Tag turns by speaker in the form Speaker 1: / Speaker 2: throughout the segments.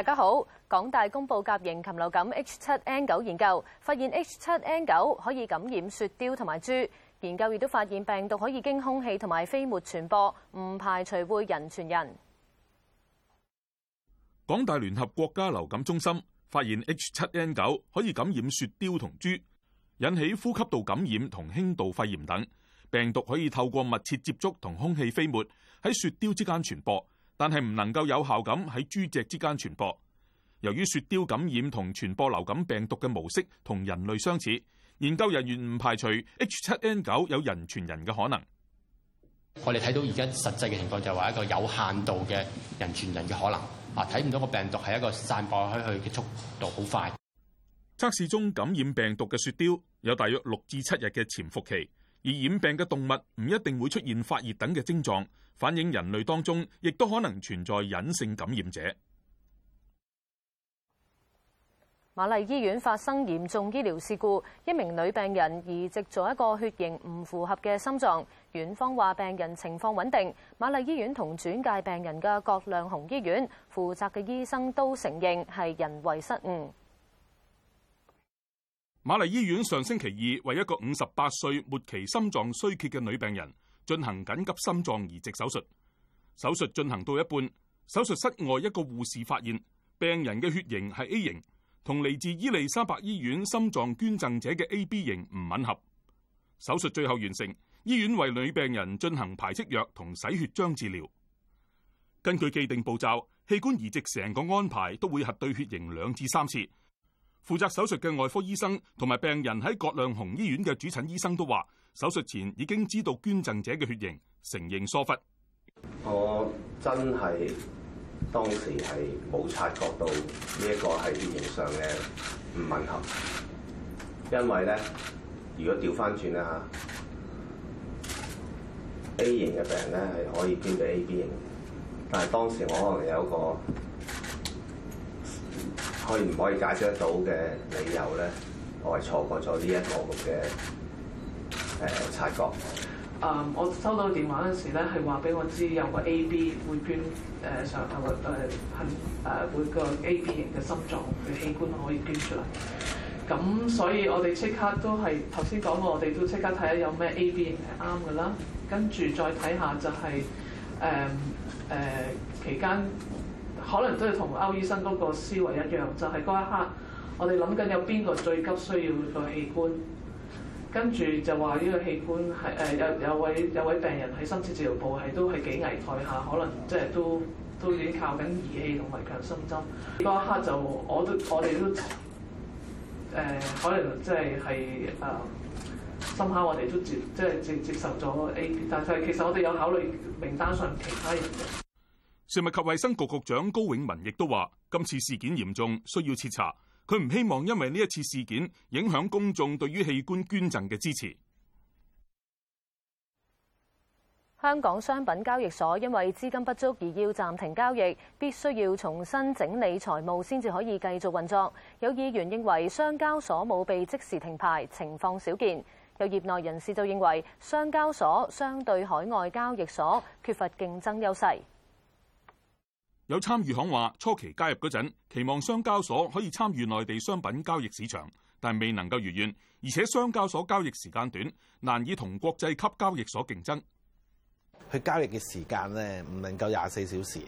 Speaker 1: 大家好，港大公布甲型禽流感 H7N9 研究，發現 H7N9 可以感染雪貂同埋豬，研究亦都發現病毒可以經空氣同埋飛沫傳播，唔排除會人傳人。
Speaker 2: 港大聯合國家流感中心發現 H7N9 可以感染雪貂同豬，引起呼吸道感染同輕度肺炎等，病毒可以透過密切接觸同空氣飛沫喺雪貂之間傳播。但係唔能夠有效咁喺豬隻之間傳播。由於雪貂感染同傳播流感病毒嘅模式同人類相似，研究人員唔排除 H7N9 有人傳人嘅可能。我哋睇到而家實際嘅情況就係話一個有限度嘅人傳人嘅可能，啊睇唔到個病毒係一個散播開去嘅速度好快。測試中感染病毒嘅雪貂有大約六至七日嘅潛伏期。而染病嘅動物唔一定會出現發熱等嘅症狀，反映人類當中亦都可能存在隱性感染者。
Speaker 1: 瑪麗醫院發生嚴重醫療事故，一名女病人移植咗一個血型唔符合嘅心臟。院方話病人情況穩定。瑪麗醫院同轉介病人嘅葛量洪醫院負責嘅醫生都承認係人為失誤。
Speaker 2: 瑪麗醫院上星期二為一個五十八歲末期心臟衰竭嘅女病人進行緊急心臟移植手術，手術進行到一半，手術室外一個護士發現病人嘅血型係 A 型，同嚟自伊利沙伯醫院心臟捐贈者嘅 AB 型唔吻合。手術最後完成，醫院為女病人進行排斥藥同洗血漿治療。根據既定步驟，器官移植成個安排都會核對血型兩至三次。負責手術嘅外科醫生同埋病人喺葛量洪醫院嘅主診醫生都話，手術前已經知道捐贈者嘅血型，承認疏忽。
Speaker 3: 我真係當時係冇察覺到呢一個喺血型上嘅唔吻合，因為咧如果調翻轉啊，A 型嘅病人咧係可以捐俾 AB 型，但係當時我可能有一個。可以唔可以解釋得到嘅理由咧？我係錯過咗呢一個嘅誒、呃、察覺。
Speaker 1: 誒，um, 我收到電話嗰陣時咧，係話俾我知有個 AB 會捐誒上誒誒肯誒每個 AB 型嘅心臟嘅器官可以捐出嚟。咁所以我哋即刻都係頭先講過我們看看，我哋都即刻睇下有咩 AB 型係啱嘅啦。跟住再睇下就係誒誒期間。可能都係同歐醫生個思維一樣，就係嗰一刻，我哋諗緊有邊個最急需要個器官，跟住就話呢個器官係誒有有位有位病人喺深切治療部係都係幾危殆下，可能即係都都已經靠緊儀器同埋強心針。嗰一刻就我都我哋都誒，可能即係係啊，深刻我哋都接即係接接，接受咗 A，、欸、但係其實我哋有考慮名單上其他人嘅。
Speaker 2: 食物及衛生局局長高永文亦都話，今次事件嚴重，需要徹查。佢唔希望因為呢一次事件影響公眾對於器官捐贈嘅支持。
Speaker 1: 香港商品交易所因為資金不足而要暫停交易，必須要重新整理財務先至可以繼續運作。有議員認為，商交所冇被即時停牌情況少見。有業內人士就認為，商交所相對海外交易所缺乏競爭優勢。
Speaker 2: 有參與行話初期加入嗰陣，期望商交所可以參與內地商品交易市場，但未能夠如願，而且商交所交易時間短，難以同國際級交易所競爭。
Speaker 3: 佢交易嘅時間咧，唔能夠廿四小時，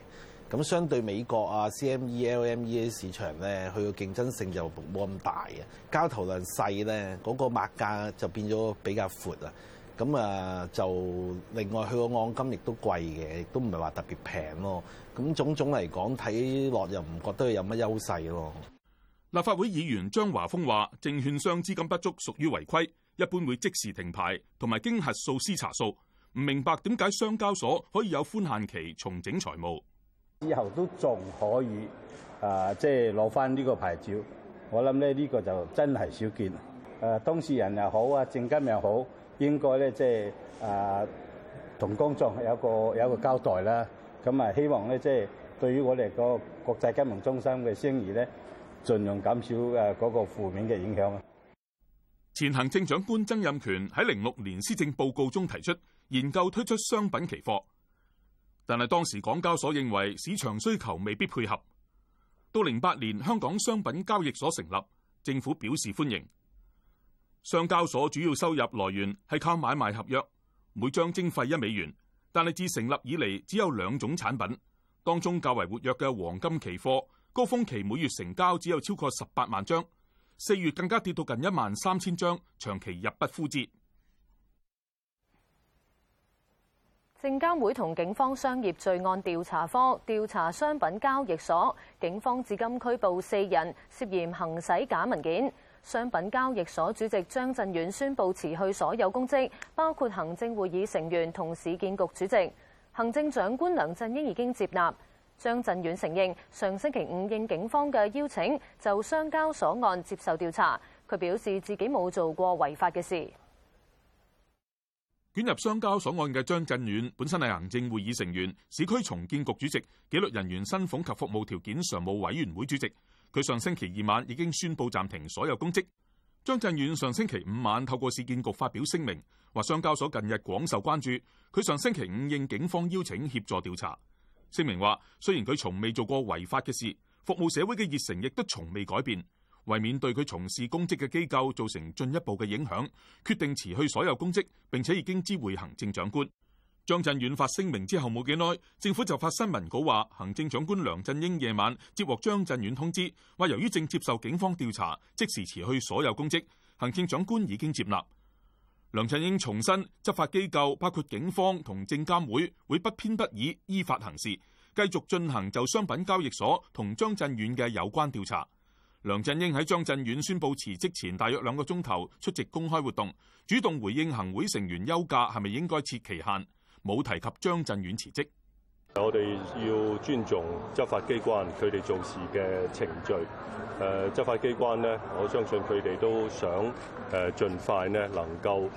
Speaker 3: 咁相對美國啊 CME、LME 嘅市場咧，佢個競爭性就冇咁大嘅。交投量細咧，嗰、那個脈價就變咗比較闊啊。咁啊，就另外佢個按金亦都貴嘅，亦都唔係話特別平咯。咁種種嚟講睇落又唔覺得有乜優勢咯。
Speaker 2: 立法會議員張華峰話，證券商資金不足屬於違規，一般會即時停牌，同埋經核數師查數，唔明白點解商交所可以有寬限期重整財務，
Speaker 3: 以後都仲可以啊，即係攞翻呢個牌照。我諗咧呢個就真係少見。誒、呃，當事人又好啊，證金又好。應該咧，即係、就是、啊，同工作有一個有一個交代啦。咁啊，希望咧，即係對於我哋個國際金融中心嘅聲譽咧，盡量減少誒嗰個負面嘅
Speaker 2: 影響啊。前行政長官曾蔭權喺零六年施政報告中提出研究推出商品期貨，但係當時港交所認為市場需求未必配合。到零八年香港商品交易所成立，政府表示歡迎。商交所主要收入來源係靠買賣合約，每張徵費一美元。但係自成立以嚟，只有兩種產品，當中較為活躍嘅黃金期貨，高峰期每月成交只有超過十八萬張，四月更加跌到近一萬三千張，長期入不敷支。
Speaker 1: 證監會同警方商業罪案調查科調查商品交易所，警方至今拘捕四人涉嫌行使假文件。商品交易所主席張震遠宣布辭去所有公職，包括行政會議成員同市建局主席。行政長官梁振英已經接納。張震遠承認上星期五應警方嘅邀請，就商交所案接受調查。佢表示自己冇做過違法嘅事。
Speaker 2: 捲入商交所案嘅張震遠本身係行政會議成員、市區重建局主席、紀律人員薪俸及服務條件常務委員會主席。佢上星期二晚已經宣布暫停所有公職。張震遠上星期五晚透過市建局發表聲明，話商交所近日廣受關注。佢上星期五應警方邀請協助調查。聲明話，雖然佢從未做過違法嘅事，服務社會嘅熱誠亦都從未改變，為免對佢從事公職嘅機構造成進一步嘅影響，決定辭去所有公職，並且已經知會行政長官。張震遠發聲明之後冇幾耐，政府就發新聞稿話，行政長官梁振英夜晚接獲張震遠通知，話由於正接受警方調查，即時辭去所有公職。行政長官已經接納。梁振英重申執機，執法機構包括警方同證監會會不偏不倚依法行事，繼續進行就商品交易所同張震遠嘅有關調查。梁振英喺張震遠宣布辭職前大約兩個鐘頭出席公開活動，主動回應行會成員休假係咪應該設期限。冇提及張震遠辭職。
Speaker 3: 我哋要尊重執法機關佢哋做事嘅程序。執法機關咧，我相信佢哋都想盡快咧能夠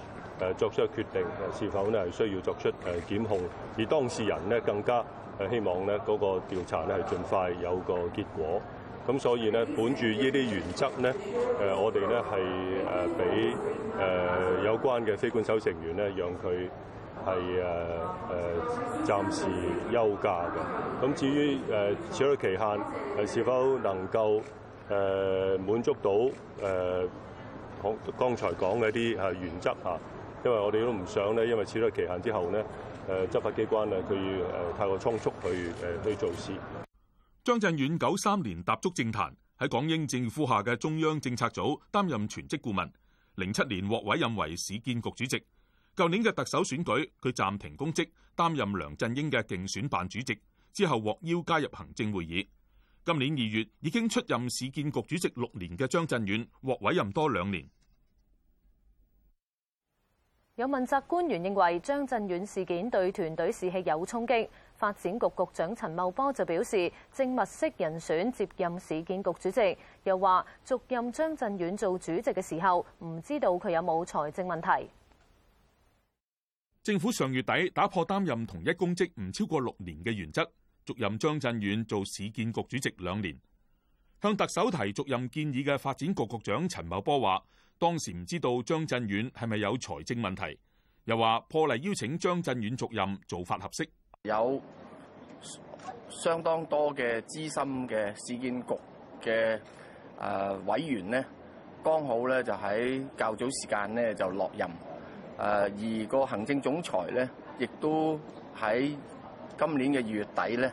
Speaker 3: 作出決定，是否咧需要作出誒檢控。而當事人咧更加希望咧嗰個調查咧係盡快有個結果。咁所以咧，本住呢啲原則咧，我哋咧係誒俾有關嘅非官守成員咧，讓佢。係誒誒暫時休假嘅。咁至於誒簽約期限誒是否能夠誒滿足到誒講剛才講嘅一啲啊原則啊，因為我哋都唔想咧，因為此約期限之後咧誒執法機關咧佢誒太過匆促去誒去做事。
Speaker 2: 張震遠九三年踏足政壇，喺港英政府下嘅中央政策組擔任全職顧問，零七年獲委任為市建局主席。舊年嘅特首選舉，佢暫停公職，擔任梁振英嘅競選辦主席，之後獲邀加入行政會議。今年二月，已經出任市建局主席六年嘅張震遠獲委任多兩年。
Speaker 1: 有問責官員認為張震遠事件對團隊士氣有衝擊。發展局局長陳茂波就表示，正物色人選接任市建局主席，又話續任張震遠做主席嘅時候，唔知道佢有冇財政問題。
Speaker 2: 政府上月底打破擔任同一公職唔超過六年嘅原則，續任張震遠做市建局主席兩年。向特首提續任建議嘅發展局局長陳茂波話：當時唔知道張震遠係咪有財政問題，又話破例邀請張震遠續任做法合適。有
Speaker 3: 相當多嘅資深嘅市建局嘅誒、呃呃、委員呢，剛好咧就喺較早時間呢就落任。誒，而個行政總裁咧，亦都喺今年嘅二月底咧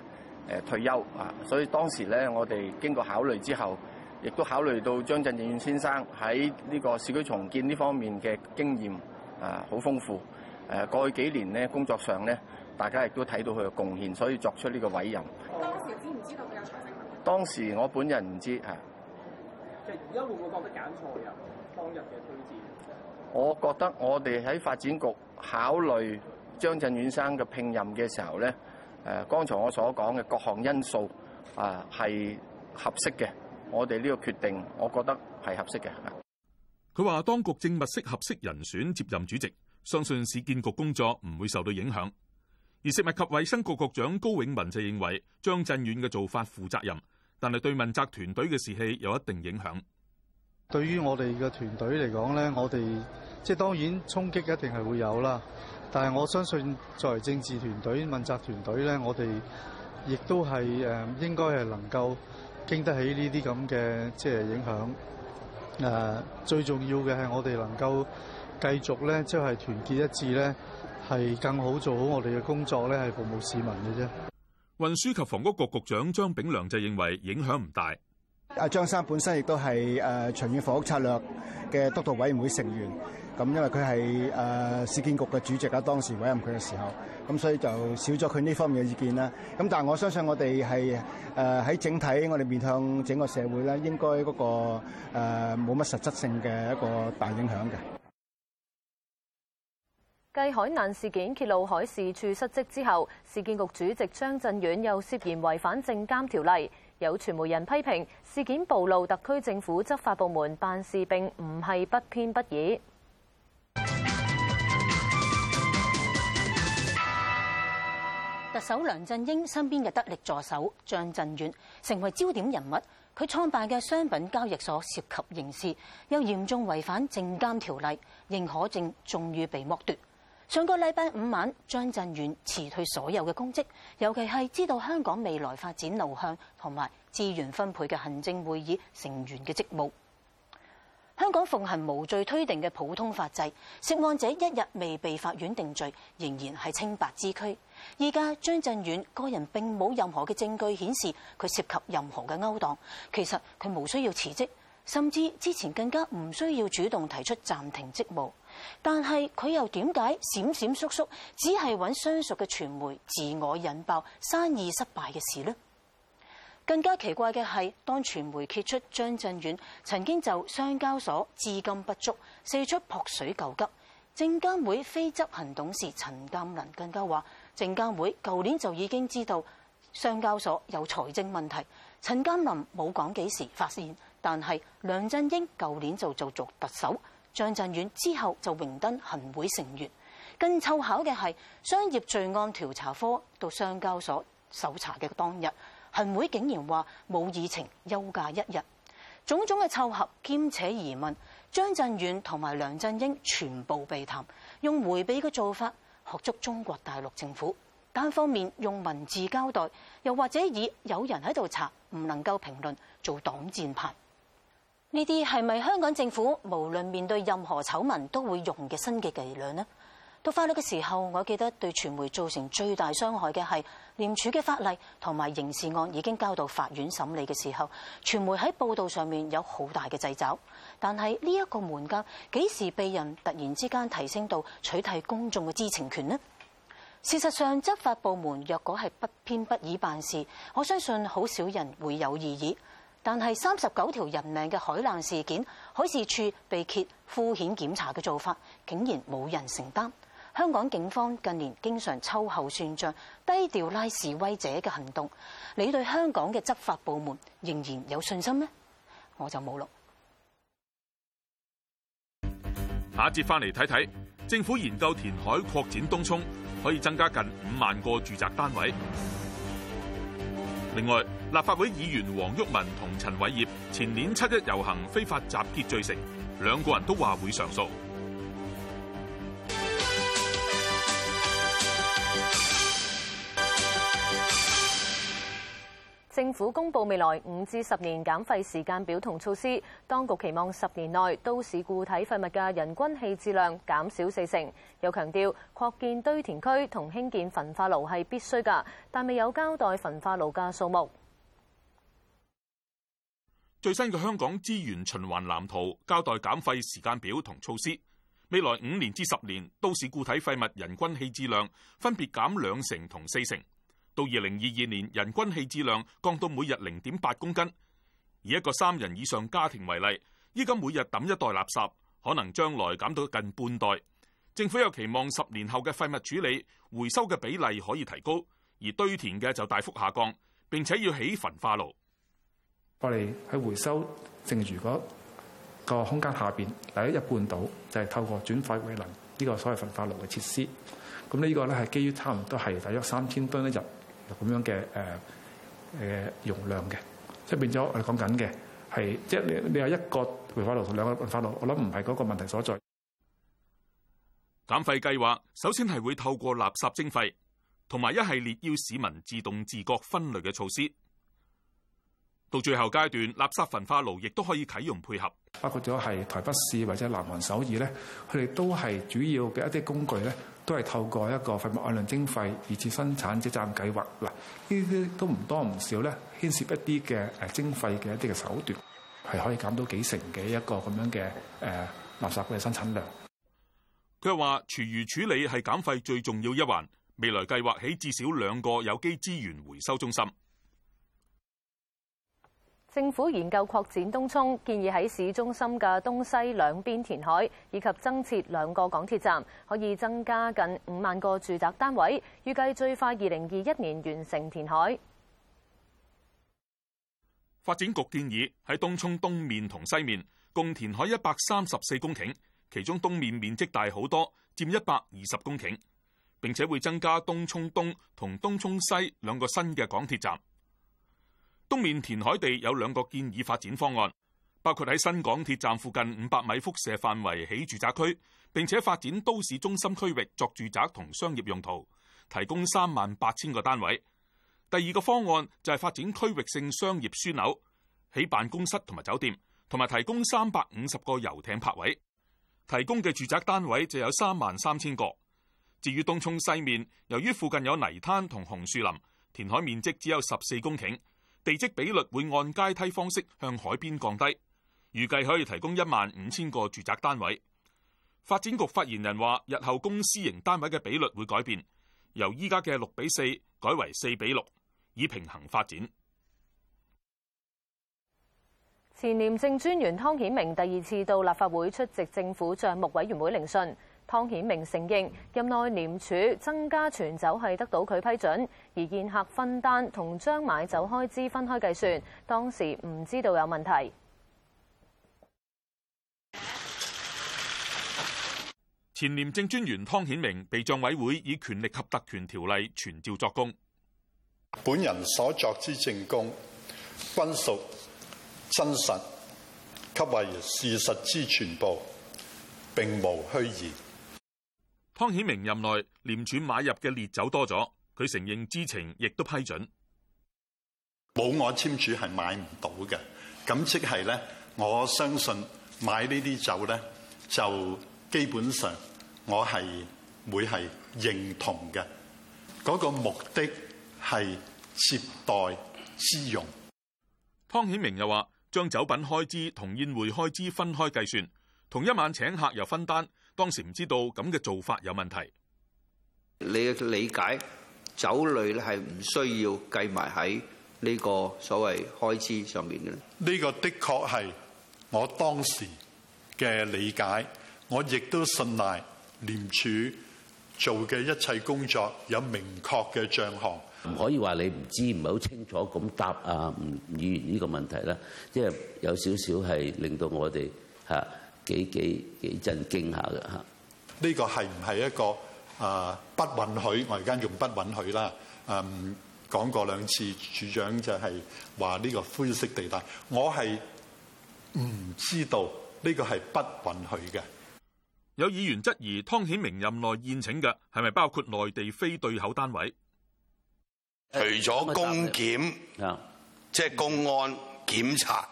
Speaker 3: 誒退休啊，所以當時咧，我哋經過考慮之後，亦都考慮到張震遠先生喺呢個市區重建呢方面嘅經驗啊，好豐富誒，過去幾年咧，工作上咧，大家亦都睇到佢嘅貢獻，所以作出呢個委任。當時知唔知道佢有財政問題？當時我本人唔知。即係而家會唔會覺得揀錯人？當日嘅推薦。我覺得我哋喺發展局考慮張震遠生嘅聘任嘅時候呢，剛才我所講嘅各項因素啊係合適嘅，我哋呢個決定，我覺得係合適嘅。
Speaker 2: 佢話當局正物色合適人選接任主席，相信市建局工作唔會受到影響。而食物及衛生局局長高永文就認為張震遠嘅做法負責任，但係對問責團隊嘅士氣有一定影響。
Speaker 3: 對於我哋嘅團隊嚟講呢，我哋即係當然衝擊一定係會有啦。但係我相信作為政治團隊、問責團隊呢，我哋亦都係誒應該係能夠經得起呢啲咁嘅即係影響。誒最重要嘅係我哋能夠繼續呢，即係團結一致呢，係更好做好我哋嘅工作呢，係服務市民嘅啫。
Speaker 2: 運輸及房屋局局局長張炳良就認為影響唔大。
Speaker 3: 阿張生本身亦都係誒長遠房屋策略嘅督導委員會成員，咁因為佢係誒市建局嘅主席啦，當時委任佢嘅時候，咁所以就少咗佢呢方面嘅意見啦。咁但係我相信我哋係誒喺整體，我哋面向整個社會咧，應該嗰個誒冇乜實質性嘅一個大影響嘅。
Speaker 1: 繼海難事件揭露海事處失職之後，市建局主席張震遠又涉嫌違反證監條例。有傳媒人批評事件暴露特區政府執法部門辦事並唔係不偏不倚。
Speaker 4: 特首梁振英身邊嘅得力助手張震遠成為焦點人物，佢創辦嘅商品交易所涉及刑事，又嚴重違反證監條例，認可證終於被剝奪。上個禮拜五晚，張震遠辭退所有嘅公職，尤其係知道香港未來發展路向同埋資源分配嘅行政會議成員嘅職務。香港奉行無罪推定嘅普通法制，涉案者一日未被法院定罪，仍然係清白之軀。而家張震遠個人並冇任何嘅證據顯示佢涉及任何嘅勾當，其實佢無需要辭職，甚至之前更加唔需要主動提出暫停職務。但係佢又點解閃閃縮縮，只係揾相熟嘅傳媒自我引爆生意失敗嘅事呢？更加奇怪嘅係，當傳媒揭出張震遠曾經就商交所資金不足四出撲水救急，證監會非執行董事陳鑑林更加話，證監會舊年就已經知道商交所有財政問題。陳鑑林冇講幾時發現，但係梁振英舊年就做做特首。張震遠之後就榮登行會成員，更湊巧嘅係商業罪案調查科到商交所搜查嘅當日，行會竟然話冇議程，休假一日。種種嘅湊合兼且疑問，張震遠同埋梁振英全部被談，用迴避嘅做法學足中國大陸政府，單方面用文字交代，又或者以有人喺度查，唔能夠評論，做擋箭牌。呢啲係咪香港政府無論面對任何醜聞都會用嘅新嘅伎倆呢？到法律嘅時候，我記得對傳媒造成最大傷害嘅係廉署嘅法例同埋刑事案已經交到法院審理嘅時候，傳媒喺報道上面有好大嘅掣肘。但係呢一個門檻幾時被人突然之間提升到取締公眾嘅知情權呢？事實上，執法部門若果係不偏不倚辦事，我相信好少人會有異議。但係三十九條人命嘅海難事件，海事處被揭敷衍檢查嘅做法，竟然冇人承擔。香港警方近年經常秋後算賬、低調拉示威者嘅行動，你對香港嘅執法部門仍然有信心咩？我就冇咯。
Speaker 2: 下一節翻嚟睇睇，政府研究填海擴展東涌，可以增加近五萬個住宅單位。另外，立法會議員黃毓民同陳偉業前年七一遊行非法集結罪成，兩個人都話會上訴。
Speaker 1: 政府公布未來五至十年減廢時間表同措施，當局期望十年內都市固體廢物嘅人均棄置量減少四成。又強調擴建堆填區同興建焚化爐係必須嘅，但未有交代焚化爐嘅數目。
Speaker 2: 最新嘅香港資源循環藍圖交代減廢時間表同措施，未來五年至十年都市固體廢物人均棄置量分別減兩成同四成。到二零二二年人均棄置量降到每日零點八公斤，以一個三人以上家庭為例，依家每日抌一袋垃圾，可能將來減到近半袋。政府又期望十年後嘅廢物處理回收嘅比例可以提高，而堆填嘅就大幅下降，並且要起焚、焚化爐。我哋喺回收剩餘嗰個空間下邊，第一日半度就係、是、透過轉廢為能呢、這個所謂焚化爐嘅設施。咁、這、呢個咧係基於差唔多係大約三千噸一日。咁樣嘅誒、呃呃、容量嘅，即變咗、即係，我講緊嘅係，即你你有一個焚化爐同兩個焚化爐，我諗唔係嗰個問題所在。減廢計劃首先係會透過垃圾徵費同埋一系列要市民自動自覺分類嘅措施。到最後階段，垃圾焚化爐亦都可以啟用配合。包括咗係台北市或者南韓首爾呢，佢哋都係主要嘅一啲工具呢，都係透過一個廢物按量徵費，以至生產者責任計劃。嗱，呢啲都唔多唔少呢，牽涉一啲嘅誒徵費嘅一啲嘅手段，係可以減到幾成嘅一個咁樣嘅誒垃圾嘅生產量。佢話廚餘處理係減廢最重要一環，未來計劃起至少兩個有機資源回收中心。
Speaker 1: 政府研究擴展東涌，建議喺市中心嘅東西兩邊填海，以及增設兩個港鐵站，可以增加近五萬個住宅單位。預計最快二零二一年完成填海。
Speaker 2: 發展局建議喺東涌東面同西面共填海一百三十四公頃，其中東面面積大好多，佔一百二十公頃，並且會增加東涌東同東涌西兩個新嘅港鐵站。東面填海地有兩個建議發展方案，包括喺新港鐵站附近五百米輻射範圍起住宅區，並且發展都市中心區域作住宅同商業用途，提供三萬八千個單位。第二個方案就係發展區域性商業樞紐，起辦公室同埋酒店，同埋提供三百五十個遊艇泊位，提供嘅住宅單位就有三萬三千個。至於東涌西面，由於附近有泥灘同紅樹林，填海面積只有十四公頃。地積比率會按階梯方式向海邊降低，預計可以提供一萬五千個住宅單位。發展局發言人話，日後公私營單位嘅比率會改變，由依家嘅六比四改為四比六，以平衡發展。
Speaker 1: 前廉政專員湯顯明第二次到立法會出席政府賬目委員會聆訊。湯顯明承認任內廉署增加存酒係得到佢批准，而宴客分單同將買酒開支分開計算，當時唔知道有問題。
Speaker 2: 前廉政專員湯顯明被賬委會以權力及特權條例傳召作供。
Speaker 3: 本人所作之證供均屬真實及為事實之全部，並無虛言。
Speaker 2: 湯顯明任內廉署買入嘅烈酒多咗，佢承認知情，亦都批准。冇我簽署係買唔到嘅，咁即係咧，我相信買呢啲
Speaker 3: 酒咧就基本上我係會係認同
Speaker 2: 嘅。嗰、那個目的係接待之用。湯顯明又話將酒品開支同宴會開支分開計算，同一晚請客又分單。當時唔知道咁嘅做法有問題。你嘅理解酒類咧係唔需要計埋喺呢個
Speaker 3: 所謂開支上面嘅？呢個的確係我當時嘅理解，我亦都信賴廉署做嘅一切工作有明確嘅帳項。唔可以話你唔知唔係好清楚咁答啊，
Speaker 2: 吳議員呢個問題啦，即係有少少係令到我哋嚇。啊幾幾幾震驚下嘅嚇，
Speaker 3: 呢個係唔係一個啊、呃、不允許？我而家用不允許啦。嗯、呃，講過兩次，處長就係話呢個灰色地帶，我係唔知道呢、這個係不
Speaker 2: 允許嘅。有議員質疑湯顯明任內宴請嘅係咪包括內地非對口單位？除咗公檢，
Speaker 3: 即係公安、檢察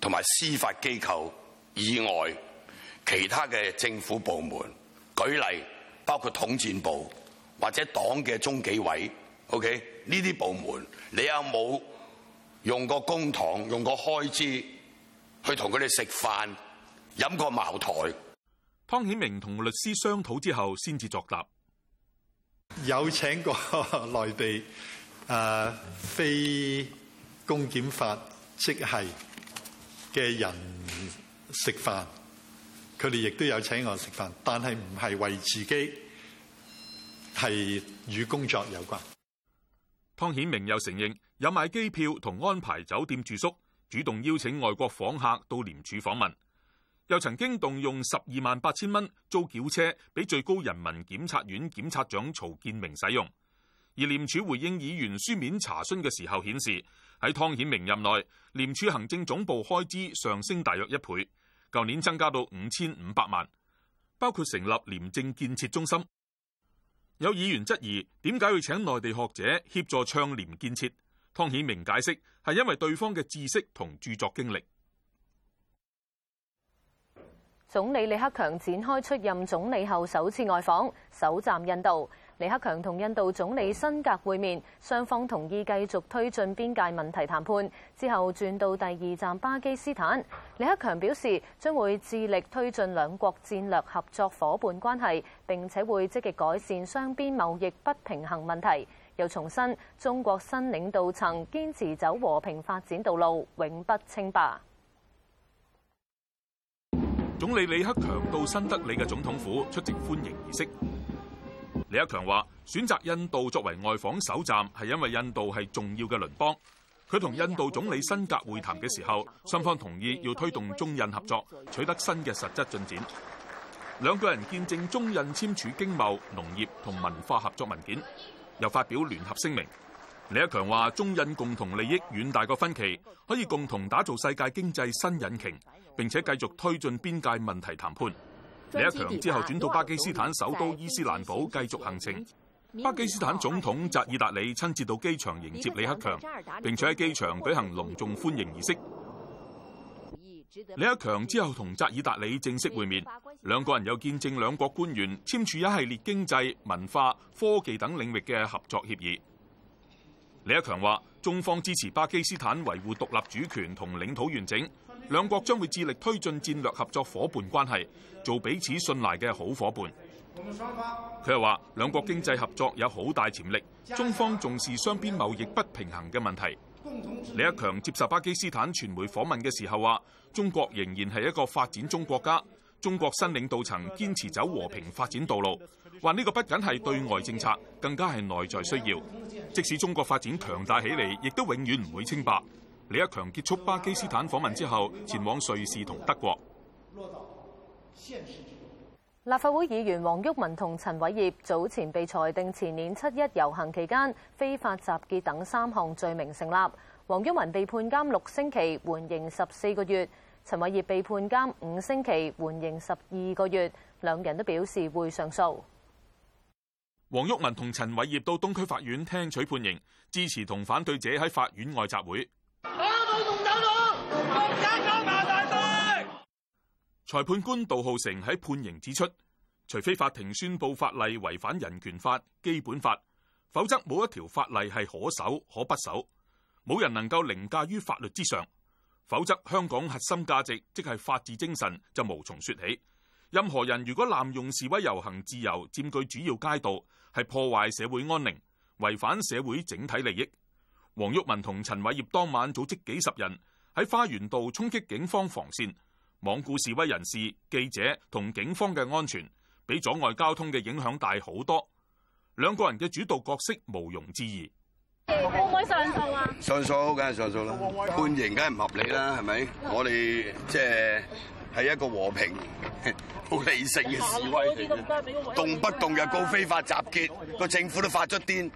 Speaker 3: 同埋司法機構。以外，其他嘅政府部門舉例包括統戰部或者黨嘅中紀委，OK 呢啲部門，你有冇用過公帑、用過開支去同佢哋食飯飲過茅台？
Speaker 2: 湯顯明同律師商討之後先至作答。
Speaker 3: 有請過內地誒、呃、非公檢法即係嘅人。食飯，佢哋亦都有請我食飯，但係唔係為自己，係
Speaker 2: 與工作有關。湯顯明又承認有買機票同安排酒店住宿，主動邀請外國訪客到廉署訪問，又曾經動用十二萬八千蚊租轎車俾最高人民檢察院檢察長曹建明使用。而廉署回應議員書面查詢嘅時候顯示，喺湯顯明任內，廉署行政總部開支上升大約一倍。舊年增加到五千五百萬，包括成立廉政建設中心。有議員質疑點解要請內地學者協助倡廉建設。湯顯明解釋係因為對方嘅知識同著作經歷。
Speaker 1: 總理李克強展開出任總理後首次外訪，首站印度。李克強同印度總理辛格會面，雙方同意繼續推進邊界問題談判。之後轉到第二站巴基斯坦，李克強表示將會致力推進兩國戰略合作伙伴關係，並且會積極改善雙邊貿易不平衡問題。又重申，中國新領導層堅持走和平發展道路，永不稱霸。
Speaker 2: 總理李克強到新德里嘅總統府出席歡迎儀式。李克強話：選擇印度作為外訪首站，係因為印度係重要嘅鄰邦。佢同印度總理辛格會談嘅時候，雙方同意要推動中印合作，取得新嘅實質進展。兩個人見證中印簽署經貿、農業同文化合作文件，又發表聯合聲明。李克強話：中印共同利益遠大過分歧，可以共同打造世界經濟新引擎，並且繼續推進邊界問題談判。
Speaker 3: 李克強之後轉到巴基斯坦首都伊
Speaker 2: 斯蘭堡繼續行程。巴基斯坦總統扎爾達里親自到機場迎接李克強，並且喺機場舉行隆重歡迎儀式。李克強之後同扎爾達里正式會面，兩個人又見證兩國官員簽署一系列經濟、文化、科技等領域嘅合作協議。李克強話：中方支持巴基斯坦維護獨立主權同領土完整。兩國將會致力推進戰略合作伙伴關係，做彼此信賴嘅好伙伴。佢又話：兩國經濟合作有好大潛力。中方重視雙邊貿易不平衡嘅問題。李克強接受巴基斯坦傳媒訪問嘅時候話：中國仍然係一個發展中國家。中國新領導層堅持走和平發展道路。話呢個不僅係對外政策，更加係內在需要。即使中國發展強大起嚟，亦都永遠唔會稱霸。李克強結束巴基斯坦訪問之後，前往瑞士同德國。
Speaker 1: 立法會議員黃毓民同陳偉業早前被裁定前年七一遊行期間非法集結等三項罪名成立。黃毓民被判監六星期，緩刑十四個月；陳偉業被判監五星期，緩刑十二個月。兩人都表示會上訴。
Speaker 2: 黃毓民同陳偉業到東區法院聽取判刑，支持同反對者喺法院外集會。
Speaker 1: 家大隊。
Speaker 2: 裁判官杜浩成喺判刑指出，除非法庭宣布法例違反人權法、基本法，否則冇一條法例係可守可不守，冇人能夠凌駕於法律之上。否則，香港核心價值即係法治精神就無從說起。任何人如果濫用示威遊行自由，佔據主要街道，係破壞社會安寧，違反社會整體利益。黃毓民同陳偉業當晚組織幾十人喺花園道衝擊警方防線，罔顧示威人士、記者同警方嘅安全，比阻礙交通嘅影響大好多。兩個人嘅主導角色毋庸置疑。
Speaker 3: 可唔可上訴
Speaker 2: 啊？上訴梗係上訴啦，判刑梗係唔合理啦，係咪？我哋即係係一個和平、
Speaker 3: 好理性嘅示威
Speaker 2: 動不動就告
Speaker 3: 非法集結，個政府都發出癲。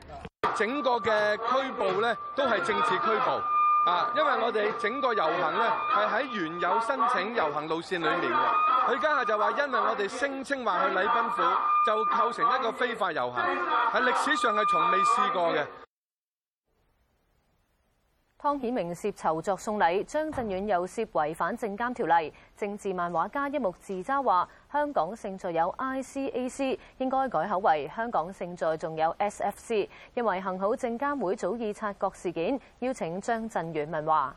Speaker 3: 整個嘅拘捕咧，都係政治拘捕啊！因為我哋整個遊行咧，係喺原有申請遊行路線裏面嘅，佢家下就話因為我哋聲稱話去禮賓府，就構成一個非法遊行，喺歷史上係從未試過嘅。
Speaker 1: 湯顯明涉籌作送禮，張震遠又涉違反證監條例。政治漫畫家一木自嘲話：香港勝在有 I C A C，應該改口為香港勝在仲有 S F C，因為幸好證監會早已察覺事件，邀請張震遠問話。